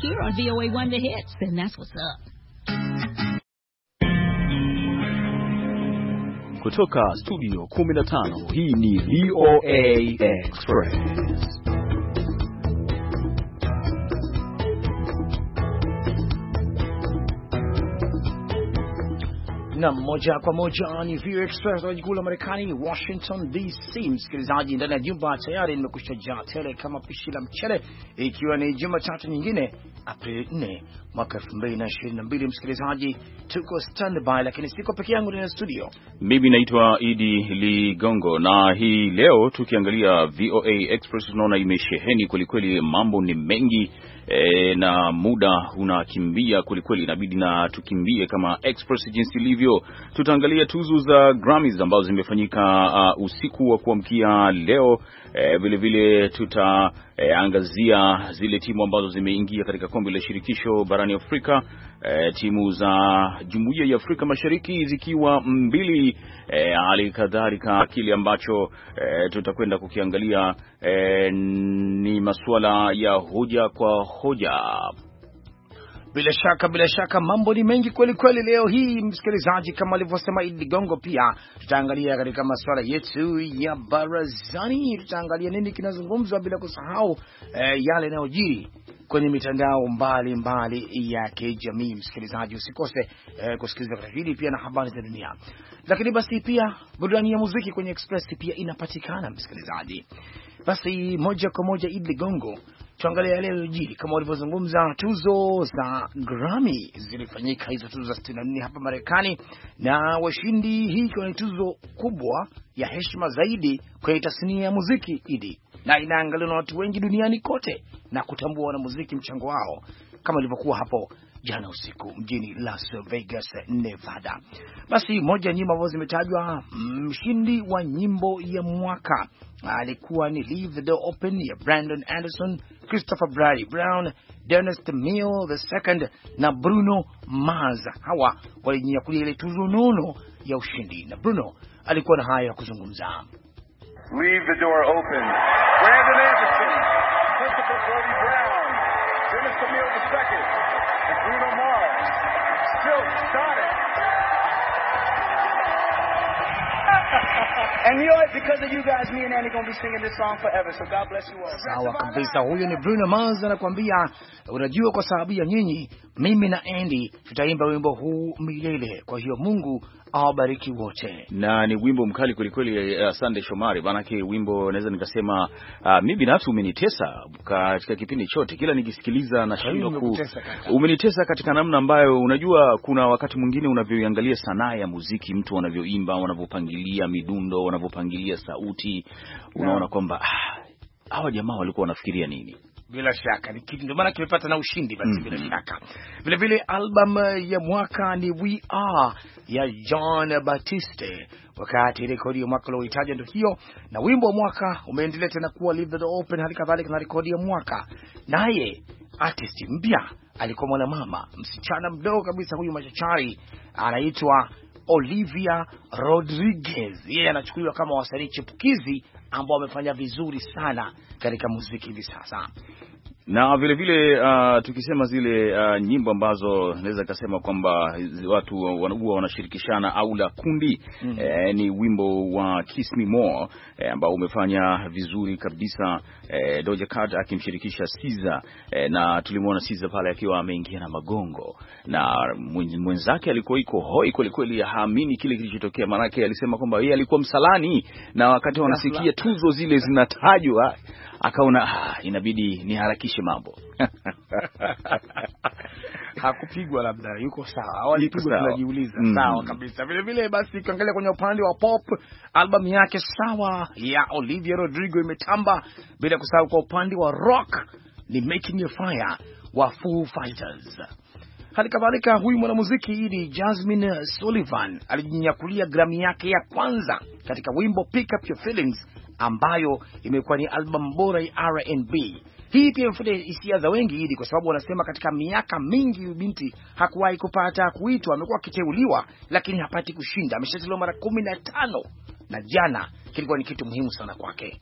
here on VOA One The Hits, and that's what's up. Kutoka studio 15 hii ni VOA Express. na moja kwa moja ni VOA Express kutoka jikuu la Marekani, Washington DC. Msikilizaji, ndani ya jumba tayari nimekusha jaa tele kama pishi la mchele, ikiwa ni Jumatatu nyingine Aprili 4 mwaka 2022. Msikilizaji, tuko standby, lakini siko peke yangu ndani ya studio. Mimi naitwa Idi Ligongo na hii leo tukiangalia VOA Express tunaona imesheheni kwelikweli, mambo ni mengi e, na muda unakimbia kwelikweli, inabidi na tukimbie kama express jinsi ilivyo. Tutaangalia tuzo za Grammys ambazo zimefanyika uh, usiku wa kuamkia leo vilevile eh, vile tutaangazia e, zile timu ambazo zimeingia katika kombe la shirikisho barani Afrika, e, timu za jumuiya ya Afrika Mashariki zikiwa mbili, eh, hali kadhalika kile ambacho e, tutakwenda kukiangalia e, ni masuala ya hoja kwa hoja bila shaka, bila shaka, mambo ni mengi kweli kweli leo hii, msikilizaji, kama alivyosema Idi Ligongo. Pia tutaangalia katika masuala yetu ya barazani, tutaangalia nini kinazungumzwa, bila kusahau eh, yale yanayojiri kwenye mitandao mbalimbali mbali ya kijamii. Msikilizaji, usikose eh, kusikiliza katika hili pia na habari za dunia. Lakini basi pia burudani ya muziki kwenye Express pia inapatikana msikilizaji. Basi moja kwa moja, Idi Ligongo tuangalia yale yaliyojiri. Kama walivyozungumza, tuzo za Grammy zilifanyika hizo tuzo za 64 hapa Marekani, na washindi, hii ikiwa ni tuzo kubwa ya heshima zaidi kwenye tasnia ya muziki idi, na inaangaliwa na watu wengi duniani kote na kutambua wanamuziki mchango wao kama ilivyokuwa hapo jana usiku mjini Las Vegas, Nevada. Basi moja ya nyimbo ambazo zimetajwa, mshindi wa nyimbo ya mwaka alikuwa ni Leave the Door Open ya Brandon Anderson, Christopher Bradley Brown, Dennis Mill the Second na Bruno Mars. Hawa walijinyakulia ile tuzo nono ya ushindi, na Bruno alikuwa na haya ya kuzungumza. Leave the door open. Brandon Anderson, Christopher Bradley Brown, Dennis Mill the Second. Bruno Mars. Still got it. And you know, because of you guys, me and Andy gonna be singing this song forever. So God bless you all. Sawa kabisa. Huyo ni Bruno Mars anakuambia, unajua kwa sababu ya nyinyi, mimi na Andy tutaimba wimbo huu milele. Kwa hiyo Mungu awabariki wote. Na ni wimbo mkali kweli kweli, uh, eh, Sunday Shomari. Maana yake wimbo naweza nikasema, uh, ah, mimi binafsi umenitesa katika kipindi chote, kila nikisikiliza na shindwa ku umenitesa katika namna ambayo, unajua kuna wakati mwingine unavyoiangalia sanaa ya muziki, mtu anavyoimba, anavyopangilia mid midundo, wanavyopangilia sauti, unaona kwamba ah, hawa ah, jamaa walikuwa wanafikiria nini? Bila shaka ni kitu ndio maana kimepata na ushindi basi. mm -hmm. Bila shaka vile vile album ya mwaka ni We Are ya John Batiste, wakati rekodi ya mwaka uliohitaja ndio hiyo, na wimbo wa mwaka umeendelea tena kuwa Leave the Door Open, hali kadhalika na rekodi ya mwaka naye artist mpya alikuwa mwanamama msichana mdogo kabisa, huyu machachari anaitwa Olivia Rodriguez, yeye anachukuliwa kama wasanii chipukizi ambao wamefanya vizuri sana katika muziki hivi sasa na vile vile uh, tukisema zile uh, nyimbo ambazo naweza kasema kwamba watu huwa wanashirikishana au la kundi mm -hmm. eh, ni wimbo wa Kiss Me More eh, ambao umefanya vizuri kabisa eh, Doja Cat akimshirikisha Siza eh, na tulimwona Siza pale akiwa ameingia na magongo na mwenzake alikuwa iko hoi kweli kweli, haamini kile kilichotokea, maanake alisema kwamba yeye alikuwa msalani, na wakati wanasikia tuzo zile zinatajwa akaona ah, inabidi niharakishe mambo hakupigwa labda yuko sawa au alipigwa, tunajiuliza mm. Sawa kabisa. Vile vile basi, kaangalia kwenye upande wa pop, albamu yake sawa ya Olivia Rodrigo imetamba, bila kusahau kwa upande wa rock ni Making a Fire wa Foo Fighters. Hali kadhalika huyu mwanamuziki ili Jasmine Sullivan alijinyakulia gramu yake ya kwanza katika wimbo Pick Up Your Feelings ambayo imekuwa ni albamu bora ya R&B. Hii pia imefuta hisia za wengi hili, kwa sababu wanasema katika miaka mingi huyu binti hakuwahi kupata kuitwa. Amekuwa akiteuliwa lakini hapati kushinda. Ameshateuliwa mara kumi na tano na jana kilikuwa ni kitu muhimu sana kwake.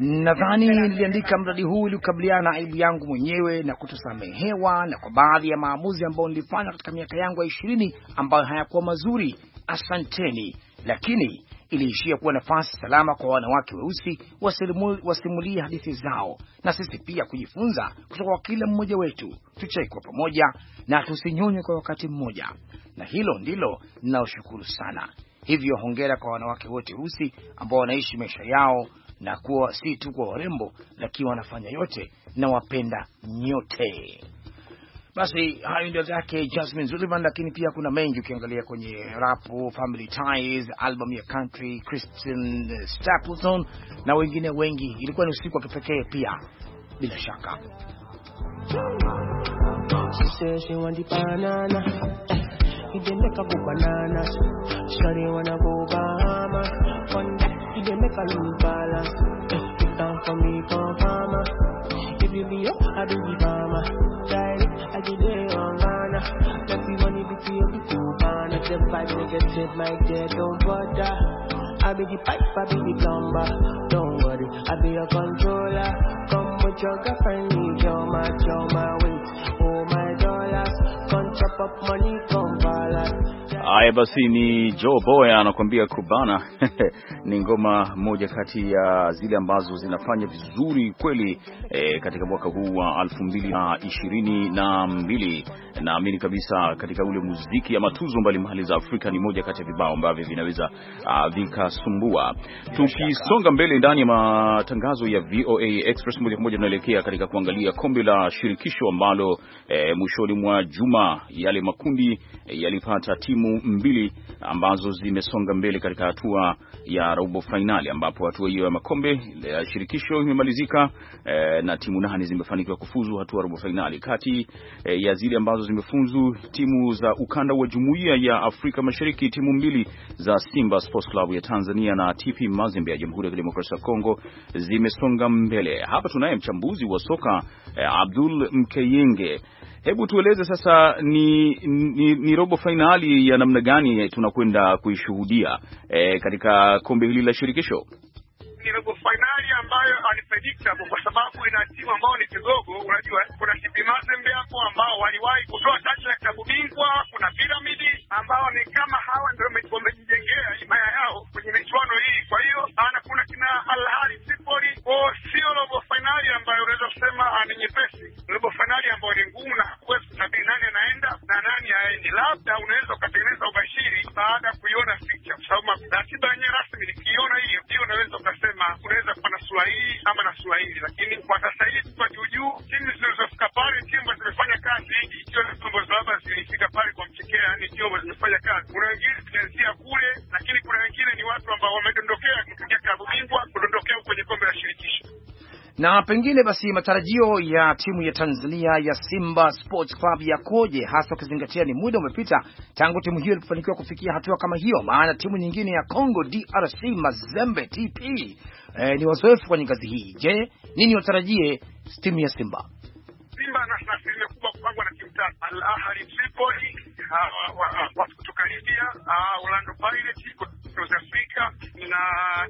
Nadhani niliandika mradi huu ili kukabiliana na aibu yangu mwenyewe na kutosamehewa na kwa baadhi ya maamuzi ambayo nilifanya katika miaka yangu ya ishirini ambayo hayakuwa mazuri. Asanteni, lakini iliishia kuwa nafasi salama kwa wanawake weusi wasimulie hadithi zao, na sisi pia kujifunza kutoka kwa kila mmoja wetu. Tucheke kwa pamoja na tusinyonywe kwa wakati mmoja, na hilo ndilo ninaloshukuru sana. Hivyo hongera kwa wanawake wote weusi ambao wanaishi maisha yao na kuwa si tu kwa warembo, lakini wanafanya yote na wapenda nyote. Basi hayo ndio zake Jasmine Sullivan, lakini pia kuna mengi ukiangalia kwenye rapu Family Ties, album ya country Kristen Stapleton na wengine wengi. Ilikuwa ni usiku wa kipekee pia bila shaka. You dey make a lose balance. Eh, Sit down for me, come mama. If you be up, I do the farmer. Child, I get it on Ghana. Let me money be to you, be to Ghana. The vibe negative, my dear, don't bother. I be the pipe, I be the plumber. Don't worry, I be your controller. Come with your girlfriend, leave your match, your my weight. Oh my dollars, come chop up money, come balance. Haya basi, ni Joe Boy anakuambia Kubana ni ngoma moja kati ya zile ambazo zinafanya vizuri kweli e, katika mwaka huu wa elfu mbili na ishirini na mbili. Naamini kabisa katika ule muziki ama tuzo mbalimbali za Afrika ni moja kati ya vibao ambavyo vinaweza ah, vikasumbua. Tukisonga mbele ndani ya matangazo ya VOA Express, moja kwa moja tunaelekea katika kuangalia kombe la shirikisho ambalo e, mwishoni mwa juma yale makundi e, yalipata timu timu mbili ambazo zimesonga mbele katika hatua ya robo fainali, ambapo hatua hiyo ya makombe ya shirikisho imemalizika e, na timu nane zimefanikiwa kufuzu hatua robo fainali. Kati e, ya zile ambazo zimefuzu timu za ukanda wa jumuiya ya Afrika Mashariki, timu mbili za Simba Sports Club ya Tanzania na TP Mazembe ya Jamhuri ya Kidemokrasia ya Kongo zimesonga mbele. Hapa tunaye mchambuzi wa soka e, Abdul Mkeyenge. Hebu tueleze sasa ni, ni, ni robo fainali ya namna gani tunakwenda kuishuhudia e, katika kombe hili la shirikisho ni robo fainali ambayo unpredictable kwa sababu ina timu ambao ni kidogo. Unajua, kuna TP Mazembe hapo ambao waliwahi kutoa taji la klabu bingwa, kuna Piramidi ambao ni kama hawa ndio wamejijengea imaya yao kwenye michuano hii. Kwa hiyo ana kuna kina Al Ahly Tripoli, sio robo fainali ambayo unaweza kusema ah, ni nyepesi, robo fainali ambayo ni ngumu na huwezi kutabiri nani anaenda na nani haendi. Labda unaweza ukatengeneza ubashiri baada ya kuiona picha, kwa sababu ratiba yenyewe rasmi nikiiona hiyo, ndio unaweza ukasema unaweza kuwa na Swahili ama na Swahili, lakini kwa sasa hivi kwa juujuu, timu zilizofika pale timu zimefanya kazi, ikiwa timu labda zilifika pale kwa mchekea, yani timu zimefanya kazi. Kuna wengine zinaanzia kule, lakini kuna wengine ni watu ambao wamedondokea kupitia klabu bingwa, kudondokea kwenye kombe la shirikisho. Na pengine basi matarajio ya timu ya Tanzania ya Simba Sports Club yakoje, hasa ukizingatia ni muda umepita tangu timu hiyo ilipofanikiwa kufikia hatua kama hiyo? Maana timu nyingine ya Congo DRC Mazembe TP e, ni wazoefu kwenye ngazi hii. Je, nini watarajie timu ya Simba? Simba na asilimia kubwa kupangwa na timu tatu: Al Ahly Tripoli kutoka Libya, Orlando Pirates South Africa na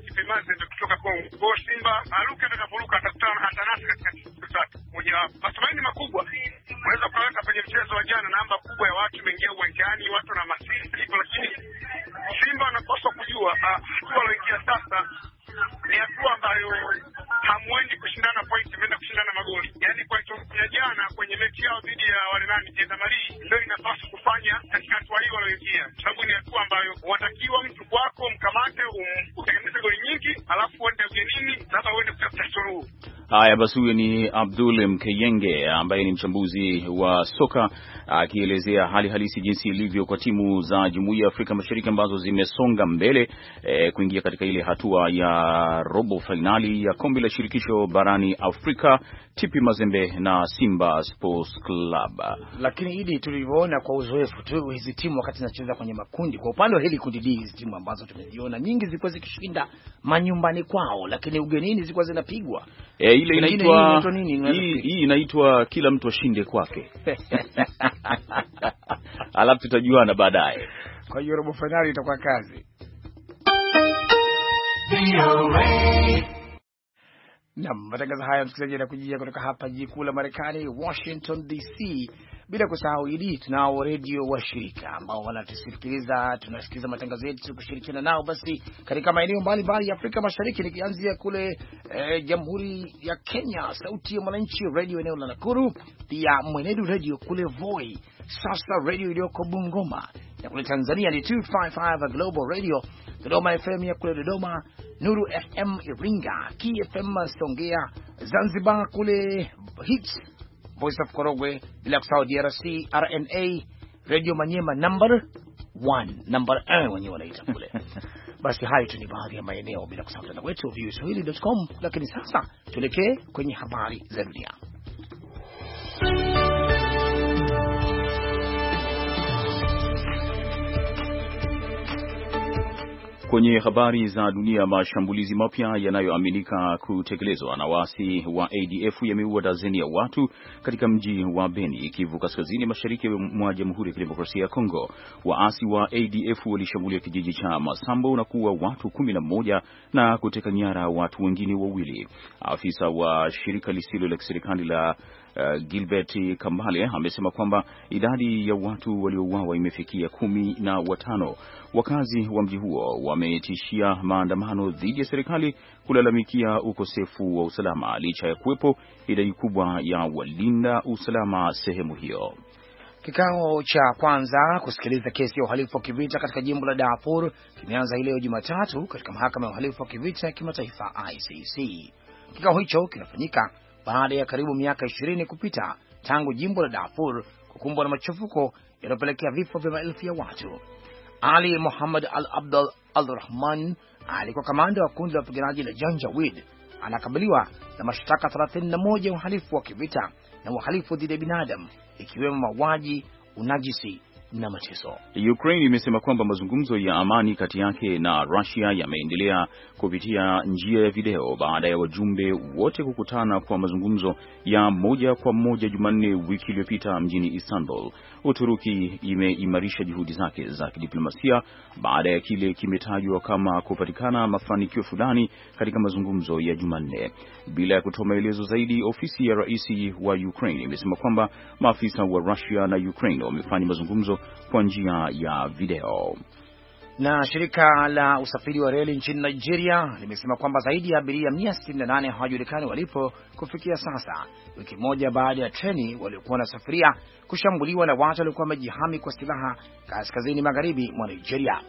kipimaze ndio kutoka kwa Ngo Simba aruke atakaporuka atakutana na Tanasi katika kitu cha Moja wapo. Matumaini makubwa unaweza kuweka kwenye mchezo wa jana, namba kubwa ya watu imeingia uwanjani, watu na masisi, lakini Simba wanapaswa kujua hatua ah, waloingia sasa ni hatua ambayo hamwendi kushindana pointi, mmeenda kushindana magoli. Yaani kwa ya jana kwenye mechi yao dhidi ya wale nani Jeza Marii, ndio inapaswa kufanya katika hatua hii walioingia, sababu ni hatua ambayo watakiwa mtu kwako mkamate, um-, utengeneze goli nyingi, alafu uende ugenini, sasa uende kutafuta suluhu. Haya basi, huyo ni Abdul Mkeyenge ambaye ni mchambuzi wa soka akielezea hali halisi jinsi ilivyo kwa timu za Jumuiya ya Afrika Mashariki ambazo zimesonga mbele e, kuingia katika ile hatua ya robo fainali ya kombe la shirikisho barani Afrika, TP Mazembe na Simba Sports Club. Lakini hili tulivyoona kwa uzoefu tu hizi timu wakati zinacheza kwenye makundi, kwa upande wa hili kundi D, hizi timu ambazo tumeziona nyingi zilikuwa zikishinda manyumbani kwao, lakini ugenini zilikuwa zinapigwa E, ile inaitwa hii inaitwa kila mtu ashinde kwake, alafu tutajuana baadaye. Kwa hiyo robo fainali itakuwa kazi. Naam, matangazo haya msikilizaji yanakujia kutoka hapa jiji kuu la Marekani, Washington DC bila kusahau Idi, tunao redio shirika ambao wanatusikiliza, tunasikiliza matangazo yetu kushirikiana nao basi katika maeneo mbalimbali ya Afrika Mashariki, nikianzia kule eh, Jamhuri ya Kenya, Sauti ya Mwananchi redio eneo la Nakuru, pia Mwenedu redio kule Voi, sasa redio iliyoko Bungoma na kule Tanzania ni 255 Global Radio, Dodoma FM ya kule Dodoma, Nuru FM Iringa, KFM Songea, Zanzibar kule Hits Voice of Korogwe, bila kusahau DRC, RNA, Radio Manyema number one, number one wenyewe wanaita kule. Basi hayo tu ni baadhi ya maeneo, bila kusahau mtandao wetu voaswahili.com. Lakini sasa tuelekee kwenye habari za dunia. Kwenye habari za dunia, mashambulizi mapya yanayoaminika kutekelezwa na waasi wa ADF yameua dazeni ya watu katika mji wa Beni, Kivu Kaskazini, mashariki mwa Jamhuri ya Kidemokrasia ya Kongo. Waasi wa ADF walishambulia kijiji cha Masambo na kuua watu kumi na mmoja na kuteka nyara watu wengine wawili. Afisa wa shirika lisilo la kiserikali la uh, Gilbert Kambale amesema kwamba idadi ya watu waliouawa imefikia kumi na watano. Wakazi wa mji huo wametishia maandamano dhidi ya serikali kulalamikia ukosefu wa usalama licha ya kuwepo idadi kubwa ya walinda usalama sehemu hiyo. Kikao cha kwanza kusikiliza kesi ya uhalifu wa kivita katika jimbo la Darfur kimeanza hii leo Jumatatu katika mahakama ya uhalifu wa kivita ya kimataifa ICC. Kikao hicho kinafanyika baada ya karibu miaka ishirini kupita tangu jimbo la Darfur kukumbwa na machafuko yanayopelekea vifo vya maelfu ya watu. Ali Muhammad Al Abdul Al Rahman alikuwa kamanda wa kundi la wapiganaji la wid Anakabiliwa na mashtaka 31 ya uhalifu wa kivita na uhalifu dhidi ya binadamu, ikiwemo mauaji, unajisi na mateso. Ukraine imesema kwamba mazungumzo ya amani kati yake na Russia yameendelea kupitia njia ya video baada ya wajumbe wote kukutana kwa mazungumzo ya moja kwa moja Jumanne wiki iliyopita mjini Istanbul. Uturuki imeimarisha juhudi zake za kidiplomasia baada ya kile kimetajwa kama kupatikana mafanikio fulani katika mazungumzo ya Jumanne. Bila ya kutoa maelezo zaidi, ofisi ya rais wa Ukraine imesema kwamba maafisa wa Rusia na Ukraine wamefanya mazungumzo kwa njia ya video. Na shirika la usafiri wa reli nchini Nigeria limesema kwamba zaidi ya abiria 168 hawajulikani walipo kufikia sasa, wiki moja baada ya treni waliokuwa wanasafiria kushambuliwa na watu waliokuwa wamejihami kwa silaha kaskazini magharibi mwa Nigeria.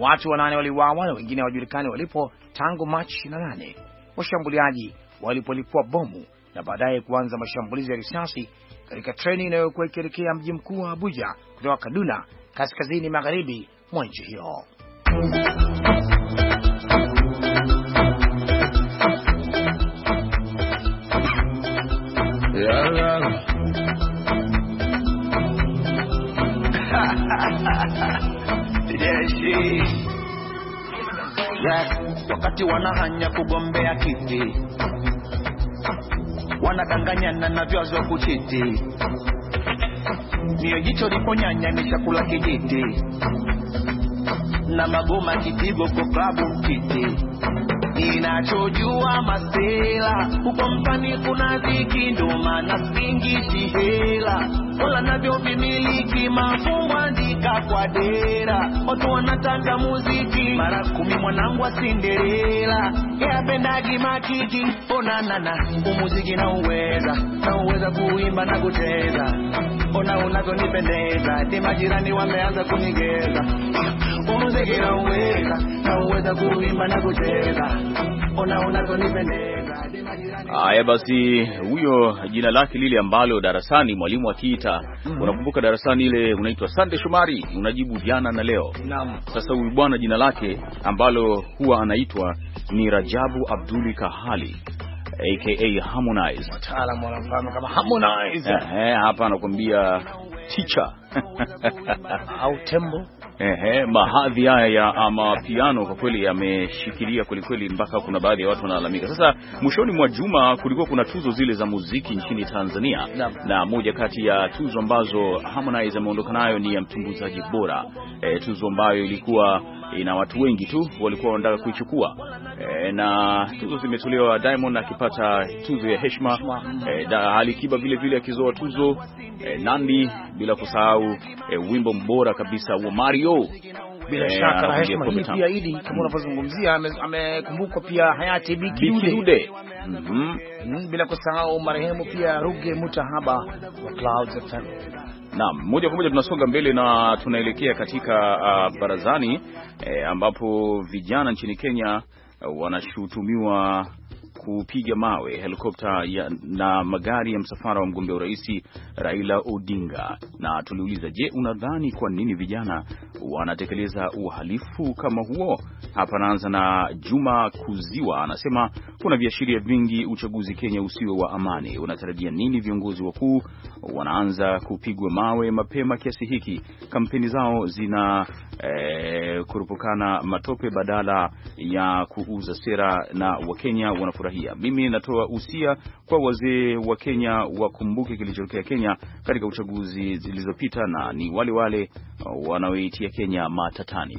Watu wanane waliuawa na wengine hawajulikani walipo tangu Machi 28 washambuliaji walipolipua bomu na baadaye kuanza mashambulizi ya risasi katika treni inayokuwa ikielekea mji mkuu wa Abuja kutoka Kaduna, kaskazini magharibi mwa nchi hiyo. wakati wanahanya kugombea kiti wanadanganyana na vyazo kuchiti, jicho liponyanya ni chakula kijiti na magoma kipigo kwa klabu kiti inachojua masela huko mpani kuna ziki ndo maana singiti hela wala navyo vimiliki mafungwa kwa dera watu wanatanga muziki mara kumi mwanangu wa sinderela yapendagi makiki onanana umuziki na uweza na uweza kuimba na kucheza ona unavyonipendeza ti wameanza kunigeza Haya basi, huyo jina lake lile ambalo darasani mwalimu akiita, mm. Unakumbuka darasani ile unaitwa Sande Shomari, unajibu jana na leo. Naam. Sasa huyu bwana jina lake ambalo huwa anaitwa ni Rajabu Abduli Kahali aka Harmonize. Wataalamu wanafahamu kama Harmonize. Eh, hapa anakuambia teacher au tembo Ehe, mahadhi haya ya ah, mapiano kwa kweli yameshikilia kwelikweli, mpaka kuna baadhi ya watu wanalalamika. Sasa mwishoni mwa juma kulikuwa kuna tuzo zile za muziki nchini Tanzania na, na moja kati ya tuzo ambazo Harmonize ameondoka nayo ni ya mtumbuzaji bora e, tuzo ambayo ilikuwa ina watu wengi tu walikuwa wanataka kuichukua, e, na tuzo zimetolewa. Diamond akipata tuzo ya heshima e, Alikiba vile vile akizoa tuzo e, Nandi, bila kusahau e, wimbo mbora kabisa wa Mario bila e, shaka na heshima hii pia Idi, kama unavyozungumzia amekumbukwa pia hayati Biki Dude. Mhm. Mm -hmm. Bila kusahau marehemu pia Ruge Mutahaba wa Clouds FM. Naam, moja kwa moja tunasonga mbele na tunaelekea katika uh, barazani eh, ambapo vijana nchini Kenya wanashutumiwa kupiga mawe helikopta na magari ya msafara wa mgombea urais Raila Odinga, na tuliuliza, je, unadhani kwa nini vijana wanatekeleza uhalifu kama huo? Hapa anaanza na Juma Kuziwa, anasema kuna viashiria vingi uchaguzi Kenya usiwe wa amani. Unatarajia nini? Viongozi wakuu wanaanza kupigwa mawe mapema kiasi hiki, kampeni zao zina eh, kurupukana matope badala ya kuuza sera, na Wakenya wanafurahia kuchangia. Mimi natoa usia kwa wazee wa Kenya wakumbuke kilichotokea Kenya katika uchaguzi zilizopita, na ni wale wale uh, wanaoitia Kenya matatani.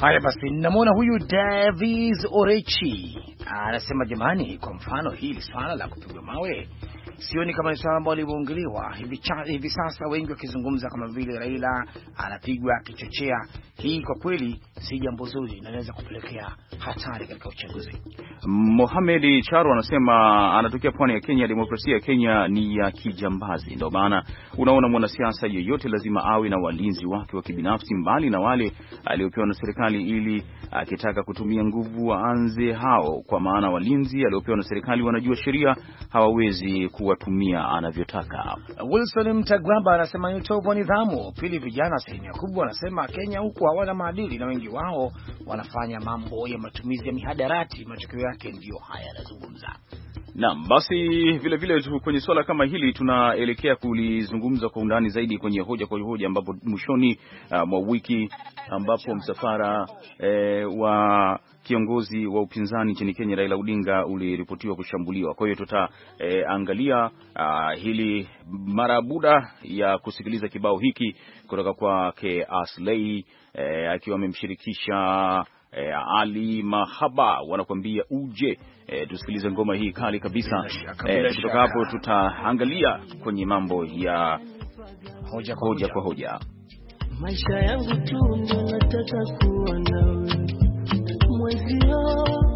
Haya basi, namwona huyu Davis Orechi anasema, jamani, kwa mfano hili swala la kupigwa mawe sioni kama ni swala ambao limeongelewa hivi, hivi sasa, wengi wakizungumza kama vile Raila anapigwa akichochea. Hii kwa kweli si jambo zuri inaweza kupelekea hatari katika uchaguzi. Mohamed Charo anasema anatokea pwani ya Kenya, demokrasia ya Kenya ni ya kijambazi, ndio maana unaona mwanasiasa yeyote lazima awe na walinzi wake wa kibinafsi, mbali na wale aliopewa na serikali serikali ili ah, akitaka kutumia nguvu waanze hao, kwa maana walinzi aliopewa na serikali wanajua sheria, hawawezi kuwatumia anavyotaka. Wilson Mtagwamba anasema ni utovu wa nidhamu. Pili, vijana asilimia kubwa wanasema Kenya huku hawana maadili na wengi wao wanafanya mambo ya matumizi ya mihadarati. Matokeo yake ndiyo haya yanazungumza Naam, basi vile vile kwenye suala kama hili tunaelekea kulizungumza kwa undani zaidi kwenye hoja kwa hoja, ambapo mwishoni uh, mwa wiki ambapo msafara eh, wa kiongozi wa upinzani nchini Kenya Raila Odinga uliripotiwa kushambuliwa. Kwa hiyo tutaangalia eh, uh, hili mara buda ya kusikiliza kibao hiki kutoka kwake Aslay eh, akiwa amemshirikisha eh, Ali Mahaba wanakuambia uje e, tusikilize ngoma hii kali kabisa e, kutoka hapo tutaangalia kwenye mambo ya hoja kwa hoja, kwa hoja. Maisha yangu tu ndio nataka kuwa nawe mwezio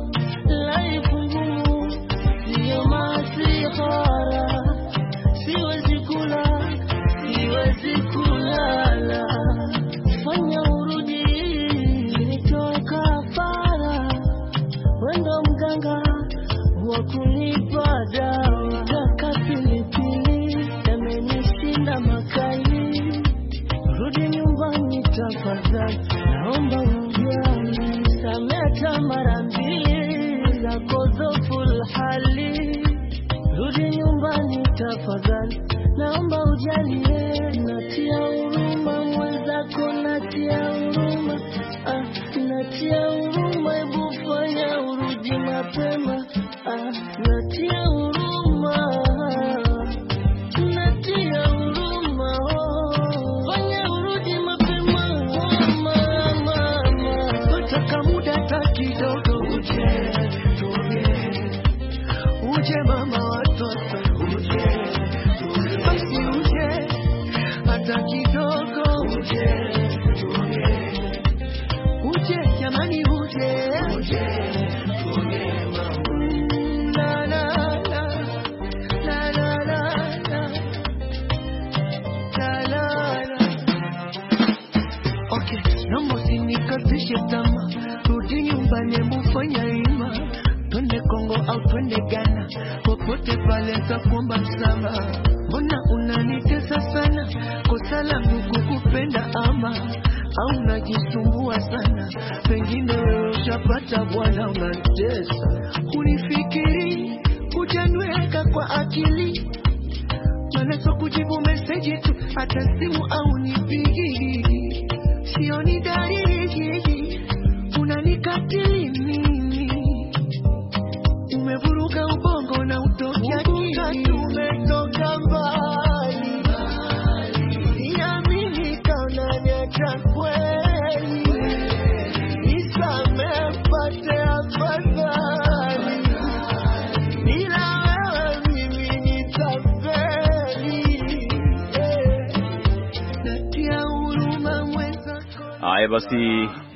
basi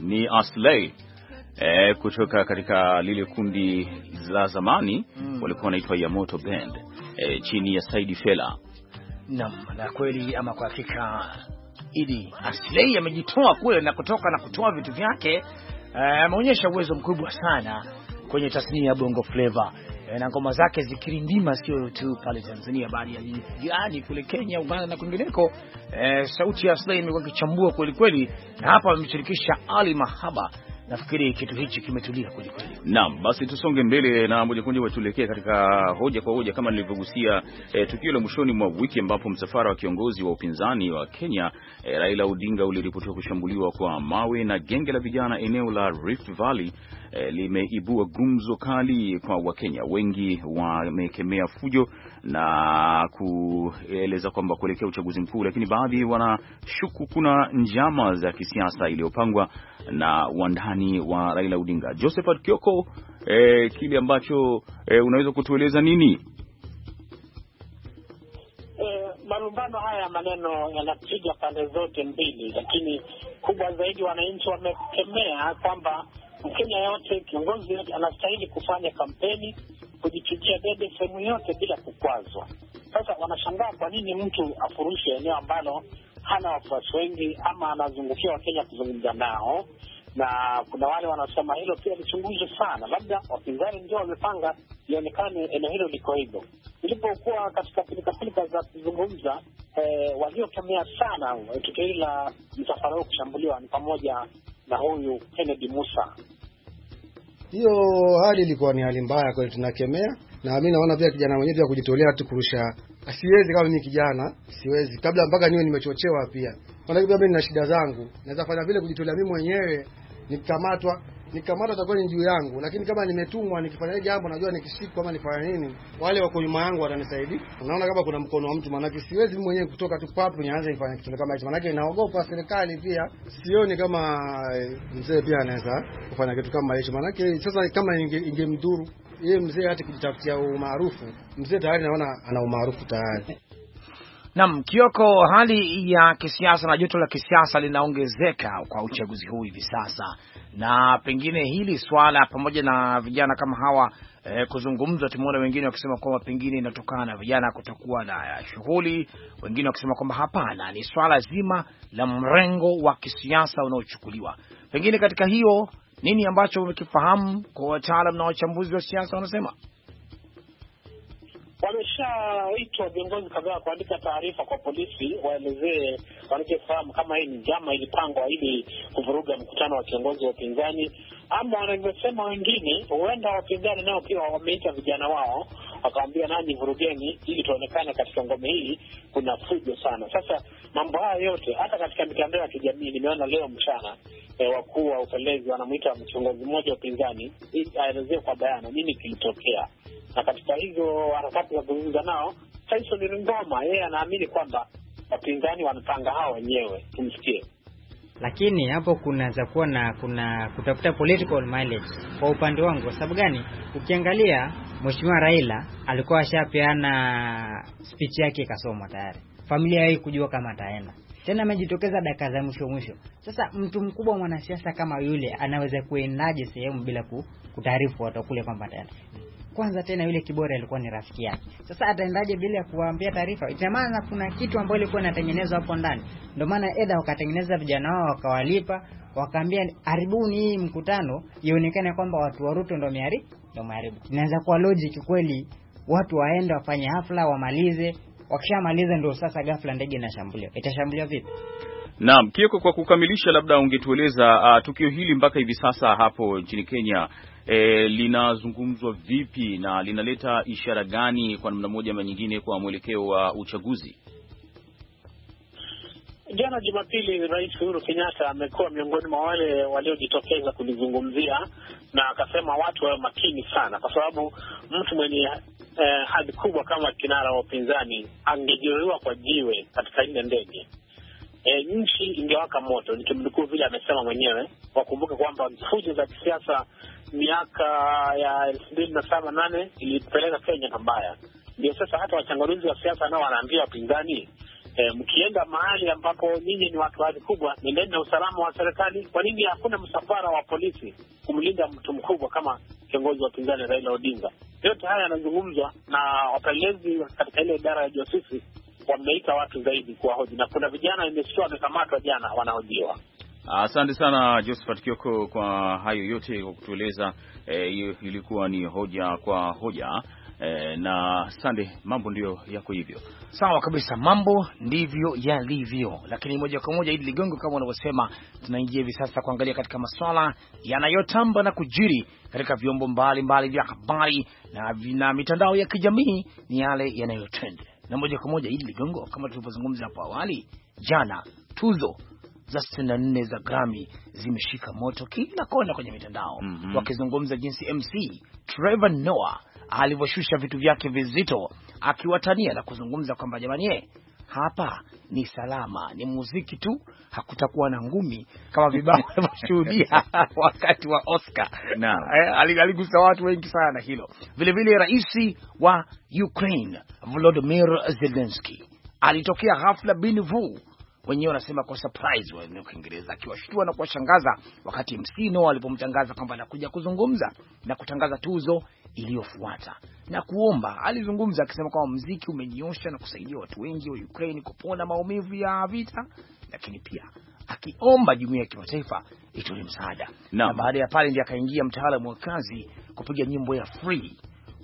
ni Asley e, kutoka katika lile kundi la zamani mm, walikuwa wanaitwa Yamoto Band e, chini ya Saidi Fela. Naam, na kweli ama kwa hakika Idi Asley amejitoa kule na kutoka na kutoa vitu vyake, eh, ameonyesha uwezo mkubwa sana kwenye tasnia ya Bongo Flava. Eh, na ngoma zake zikirindima, sio tu pale Tanzania, bali ya kule Kenya, Uganda na kwingineko. E, sauti ya Slay imekuwa ikichambua kweli kweli, na hapa amemshirikisha Ali Mahaba. Nafikiri kitu hichi kimetulia kweli kweli. Naam, basi tusonge mbele na moja kwa moja tuelekee katika hoja kwa hoja, kama nilivyogusia e, tukio la mwishoni mwa wiki ambapo msafara wa kiongozi wa upinzani wa Kenya e, Raila Odinga uliripotiwa kushambuliwa kwa mawe na genge la vijana eneo la Rift Valley Eh, limeibua gumzo kali kwa Wakenya. Wengi wamekemea fujo na kueleza kwamba kuelekea uchaguzi mkuu, lakini baadhi wanashuku kuna njama za kisiasa iliyopangwa na wandani wa Raila Odinga. Josephat Kioko, e, kile ambacho e, unaweza kutueleza nini? marumbano haya ya maneno yanapiga pande zote mbili, lakini kubwa zaidi wananchi wamekemea kwamba Mkenya yote, kiongozi yote anastahili kufanya kampeni, kujitikia debe sehemu yote bila kukwazwa. Sasa wanashangaa kwa nini mtu afurushe eneo ambalo hana wafuasi wengi ama anazungukia Wakenya kuzungumza nao, na kuna wale wanasema hilo pia lichunguzwe sana, labda wapinzani ndio wamepanga lionekane eneo hilo liko hivyo. ilipokuwa katika pilikapilika za kuzungumza eh, waliokemea sana tukio hili la msafara huu kushambuliwa ni pamoja na huyu Kennedy Musa hiyo hali ilikuwa ni hali mbaya kweli, tunakemea na mimi naona pia kijana mwenyewe pia kujitolea tu kurusha. Siwezi kama mimi kijana siwezi, kabla mpaka niwe nimechochewa pia, maana pia mimi nina shida zangu, naweza fanya vile kujitolea mimi mwenyewe nikikamatwa nikikamata atakuwa ni juu yangu, lakini kama nimetumwa nikifanya jambo najua nikishikwa ama nifanya nini, wale wako nyuma yangu watanisaidia. Unaona kama kuna mkono wa mtu, maanake siwezi mwenyewe kutoka tu papu nianze nifanya kitu kama hicho, maanake naogopa serikali. Pia sioni kama eh, mzee pia anaweza kufanya kitu kama hicho, maanake sasa kama ingemdhuru inge yeye mzee hata kujitafutia umaarufu, mzee tayari naona ana umaarufu tayari. Nam Kioko, hali ya kisiasa na joto la kisiasa linaongezeka kwa uchaguzi huu hivi sasa na pengine hili swala pamoja na vijana kama hawa eh, kuzungumzwa. Tumeona wengine wakisema kwamba pengine inatokana na vijana kutokuwa na eh, shughuli, wengine wakisema kwamba hapana, ni swala zima la mrengo wa kisiasa unaochukuliwa. Pengine katika hiyo, nini ambacho umekifahamu kwa wataalam na wachambuzi wa siasa wanasema? wameshaitwa viongozi kadhaa kuandika taarifa kwa polisi, waelezee wanachofahamu kama hii ni njama ilipangwa ili kuvuruga mkutano wa kiongozi wa upinzani, ama wanavyosema wengine, huenda wapinzani nao pia wameita vijana wao wakawambia nani vurugeni, ili tuonekane katika ngome hii kuna fujo sana. Sasa mambo haya yote, hata katika mitandao ya kijamii nimeona leo mchana e, wakuu wa upelelezi wanamwita kiongozi mmoja wa upinzani aelezee kwa bayana nini kilitokea na katika hizo harakati za kuzungumza nao, Tyson Ngoma yeye anaamini kwamba wapinzani wanapanga hao wenyewe. Tumsikie. Lakini hapo kunaweza kuwa na kuna kutafuta political mileage kwa upande wangu. Kwa sababu gani? Ukiangalia Mheshimiwa Raila alikuwa ashapeana speech yake ikasomwa tayari, familia yake kujua kama ataenda tena, amejitokeza dakika za mwisho mwisho. Sasa mtu mkubwa, mwanasiasa kama yule, anaweza kuendaje sehemu bila kutaarifu watu kule kwamba ataenda? kwanza tena yule Kibore alikuwa ni rafiki yake. Sasa ataendaje bila kuwaambia taarifa? Ina maana kuna kitu ambacho ilikuwa inatengenezwa hapo ndani. Ndio maana Eda wakatengeneza vijana wao wakawalipa, wakaambia haribuni hii mkutano ionekane kwamba watu wa Ruto ndio miari ndio maharibu. Inaweza kuwa logic kweli, watu waende wafanye hafla wamalize, wakishamaliza ndio sasa ghafla ndege inashambuliwa. Itashambuliwa vipi? Naam, Kioko, kwa kukamilisha, labda ungetueleza uh, tukio hili mpaka hivi sasa hapo nchini Kenya e, linazungumzwa vipi na linaleta ishara gani kwa namna moja ama nyingine kwa mwelekeo wa uchaguzi? Jana Jumapili, Rais Uhuru Kenyatta amekuwa miongoni mwa wale waliojitokeza kulizungumzia na akasema watu wawe makini sana, kwa sababu mtu mwenye eh, hadhi kubwa kama kinara wa upinzani angejeruhiwa kwa jiwe katika ile ndege e, nchi ingewaka moto, nikimnukuu vile amesema mwenyewe. Wakumbuke kwamba fujo za kisiasa miaka ya elfu mbili na saba nane ilipeleka Kenya pambaya. Ndio sasa hata wachanganuzi wa siasa nao wanaambia wapinzani E, mkienda mahali ambapo nyinyi ni watu hadhi kubwa, nendeni na usalama wa serikali. Kwa nini hakuna msafara wa polisi kumlinda mtu mkubwa kama kiongozi wa upinzani Raila Odinga? Yote haya yanazungumzwa na wapelelezi katika ile idara ya jasusi wameita watu zaidi kuwahoji, na kuna vijana wamesikia wamekamatwa jana wanahojiwa. Asante sana Josephat Kioko kwa hayo yote kwa kutueleza. E, ilikuwa ni hoja kwa hoja. E, na sande, mambo ndiyo yako hivyo. Sawa kabisa, mambo ndivyo yalivyo, lakini moja kwa moja Idi Ligongo, kama wanavyosema, tunaingia hivi sasa kuangalia katika maswala yanayotamba na kujiri katika vyombo mbalimbali vya habari na, na mitandao ya kijamii, ni yale yanayotrend na moja kwa moja. Idi Ligongo, kama tulivyozungumza hapo awali, jana tuzo za 64 za Grammy zimeshika moto kila kona kwenye mitandao mm -hmm. wakizungumza jinsi MC Trevor Noah alivyoshusha vitu vyake vizito akiwatania na kuzungumza kwamba jamani, eh, hapa ni salama, ni muziki tu, hakutakuwa na ngumi kama vibao navyoshuhudia wakati wa Oscar no. Eh, aligusa watu wengi sana hilo. Vilevile rais wa Ukraine Volodymyr Zelensky alitokea ghafla bin vu wenyewe wanasema kwa surprise wa Kiingereza, akiwashtua na kuwashangaza wakati msino alipomtangaza kwamba anakuja kuzungumza na kutangaza tuzo iliyofuata na kuomba. Alizungumza akisema kwamba mziki umenyosha na kusaidia watu wengi wa Ukraine kupona maumivu ya vita, lakini pia akiomba jumuiya ya kimataifa itoe msaada no. Na baada ya pale ndiye akaingia mtaalamu wa kazi kupiga nyimbo ya free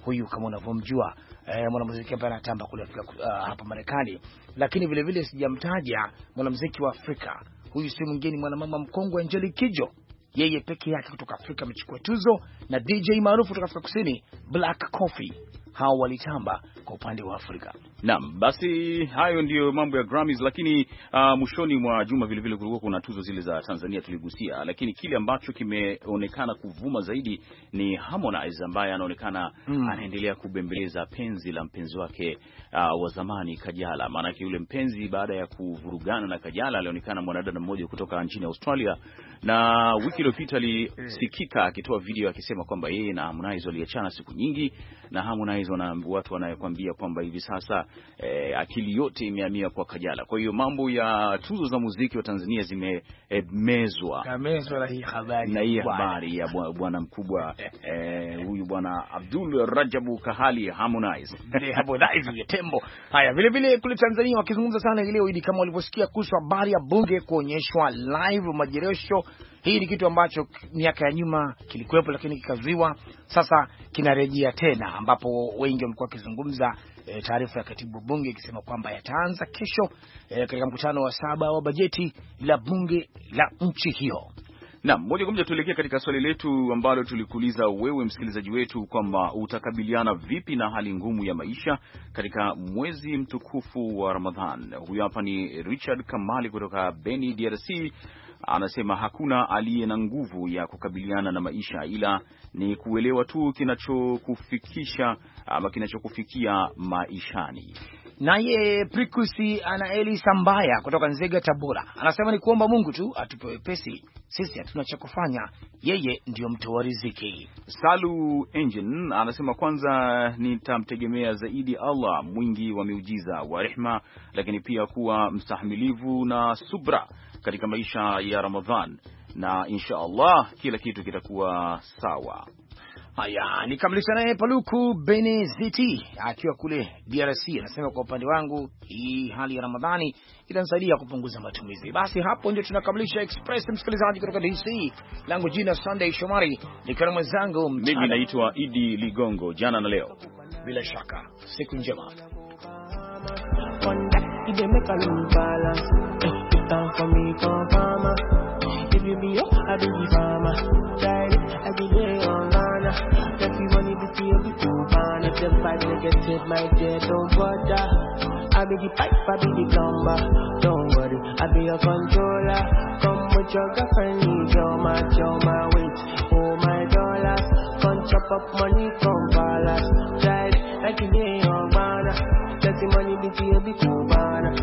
huyu kama unavyomjua eh, mwanamuziki ambaye anatamba kule Afrika uh, hapa Marekani, lakini vilevile sijamtaja mwanamuziki wa Afrika huyu si mwingine mwanamama mkongwe Angelique Kidjo yeye peke yake kutoka Afrika amechukua tuzo, na DJ maarufu kutoka Afrika Kusini Black Coffee hao walitamba kwa upande wa Afrika. Naam, basi hayo ndiyo mambo ya Grammys, lakini uh, mwishoni mwa juma vile vile kulikuwa kuna tuzo zile za Tanzania tuligusia, lakini kile ambacho kimeonekana kuvuma zaidi ni Harmonize ambaye anaonekana mm, anaendelea kubembeleza penzi la mpenzi wake uh, wa zamani Kajala. Maanake yule mpenzi baada ya kuvurugana na Kajala alionekana mwanadada mmoja kutoka nchini Australia, na wiki iliyopita alisikika akitoa video akisema kwamba yeye na Harmonize waliachana siku nyingi na Harmonize hizo na watu wanayokwambia kwamba hivi sasa eh, akili yote imehamia kwa Kajala. Kwa hiyo mambo ya tuzo za muziki wa Tanzania zimemezwa na hii habari na hii habari ya bwana mkubwa eh, huyu bwana Abdul Rajabu Kahali Harmonize Harmonize ya tembo. Haya, vile vile kule Tanzania wakizungumza sana ileo, Idi, kama walivyosikia kuhusu habari ya bunge kuonyeshwa live majeresho hii ni kitu ambacho miaka ya nyuma kilikuwepo, lakini kikazuiwa, sasa kinarejea tena, ambapo wengi wamekuwa wakizungumza e, taarifa ya katibu wa bunge ikisema kwamba yataanza kesho e, katika mkutano wa saba wa bajeti la bunge la nchi hiyo. Naam, moja kwa moja tuelekea katika swali letu ambalo tulikuuliza wewe msikilizaji wetu kwamba utakabiliana vipi na hali ngumu ya maisha katika mwezi mtukufu wa Ramadhan. Huyu hapa ni Richard Kamali kutoka Beni, DRC anasema hakuna aliye na nguvu ya kukabiliana na maisha, ila ni kuelewa tu kinachokufikisha ama kinachokufikia maishani. Naye Prikusi Anaeli Sambaya kutoka Nzega, Tabora, anasema ni kuomba Mungu tu atupe wepesi, sisi hatuna cha kufanya, yeye ndiyo wa riziki. Salu Engine anasema kwanza nitamtegemea zaidi Allah, mwingi wa miujiza wa rehma, lakini pia kuwa mstahamilivu na subra katika maisha ya Ramadhan, na insha Allah kila kitu kitakuwa sawa. Haya, nikamilisha naye Paluku Beneziti akiwa kule DRC, anasema kwa upande wangu hii hali ya Ramadhani itanisaidia kupunguza matumizi. Basi hapo ndio tunakamilisha Express, msikilizaji kutoka DC. Langu jina Sunday Shomari, nikiwa na mwenzangu mimi naitwa Idi Ligongo. Jana na leo, bila shaka, siku njema. Come for me, come confirmer. If you be up, I be the farmer. Child, I be there on Lana. Take you money, be to be too bad. If the vibe negative, my dear, don't bother. I be the pipe, I be the plumber. Don't worry, I be your controller. Come with your girlfriend, need your match, your my weight, oh my dollars. Come chop up money come ballast. Child, I be there on Lana. Take you money, be to be too bad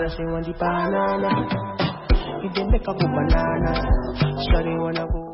banana, she want the banana. You didn't make up a banana. Shawty wanna go.